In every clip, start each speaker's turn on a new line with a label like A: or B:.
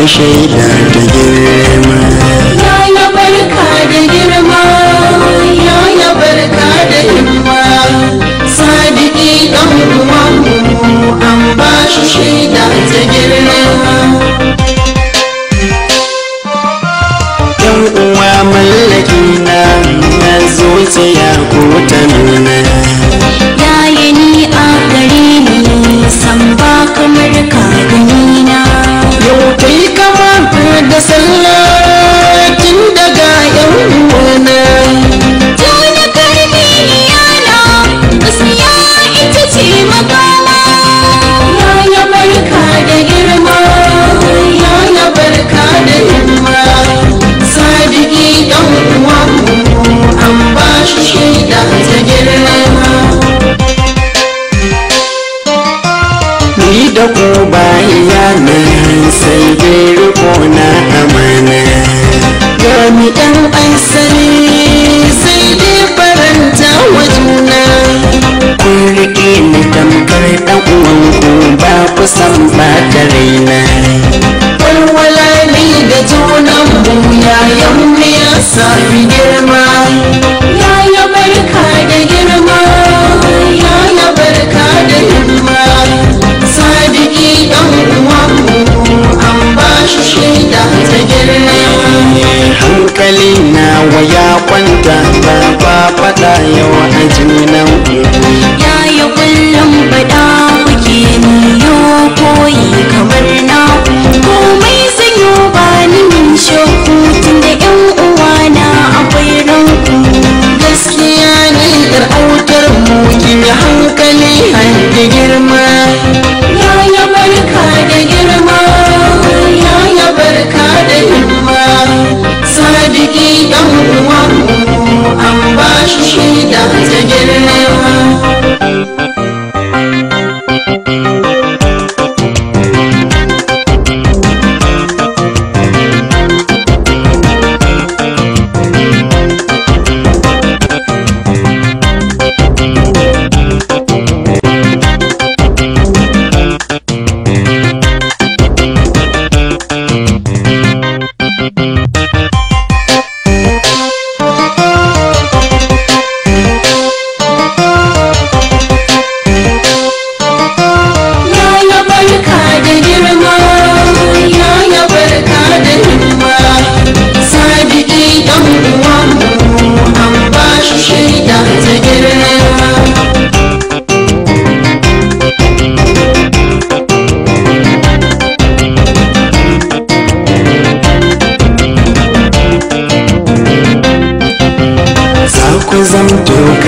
A: mu shaida ta girma wani ɗan sani sai dai faranta wa juna kun riƙe ni tamkar ɗan uwanku ba ku san ba da raina walwala ni da junan mu yayan mu ya sami girma ya kwanta ba faɗa yawa ajinan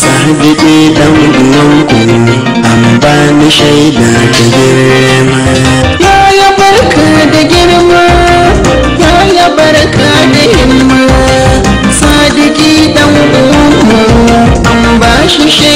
A: sahabi dan uwanku an ba ni shaida ta girma yaya barka da girma ya barka da himma sadiki dan uwanku an ba shi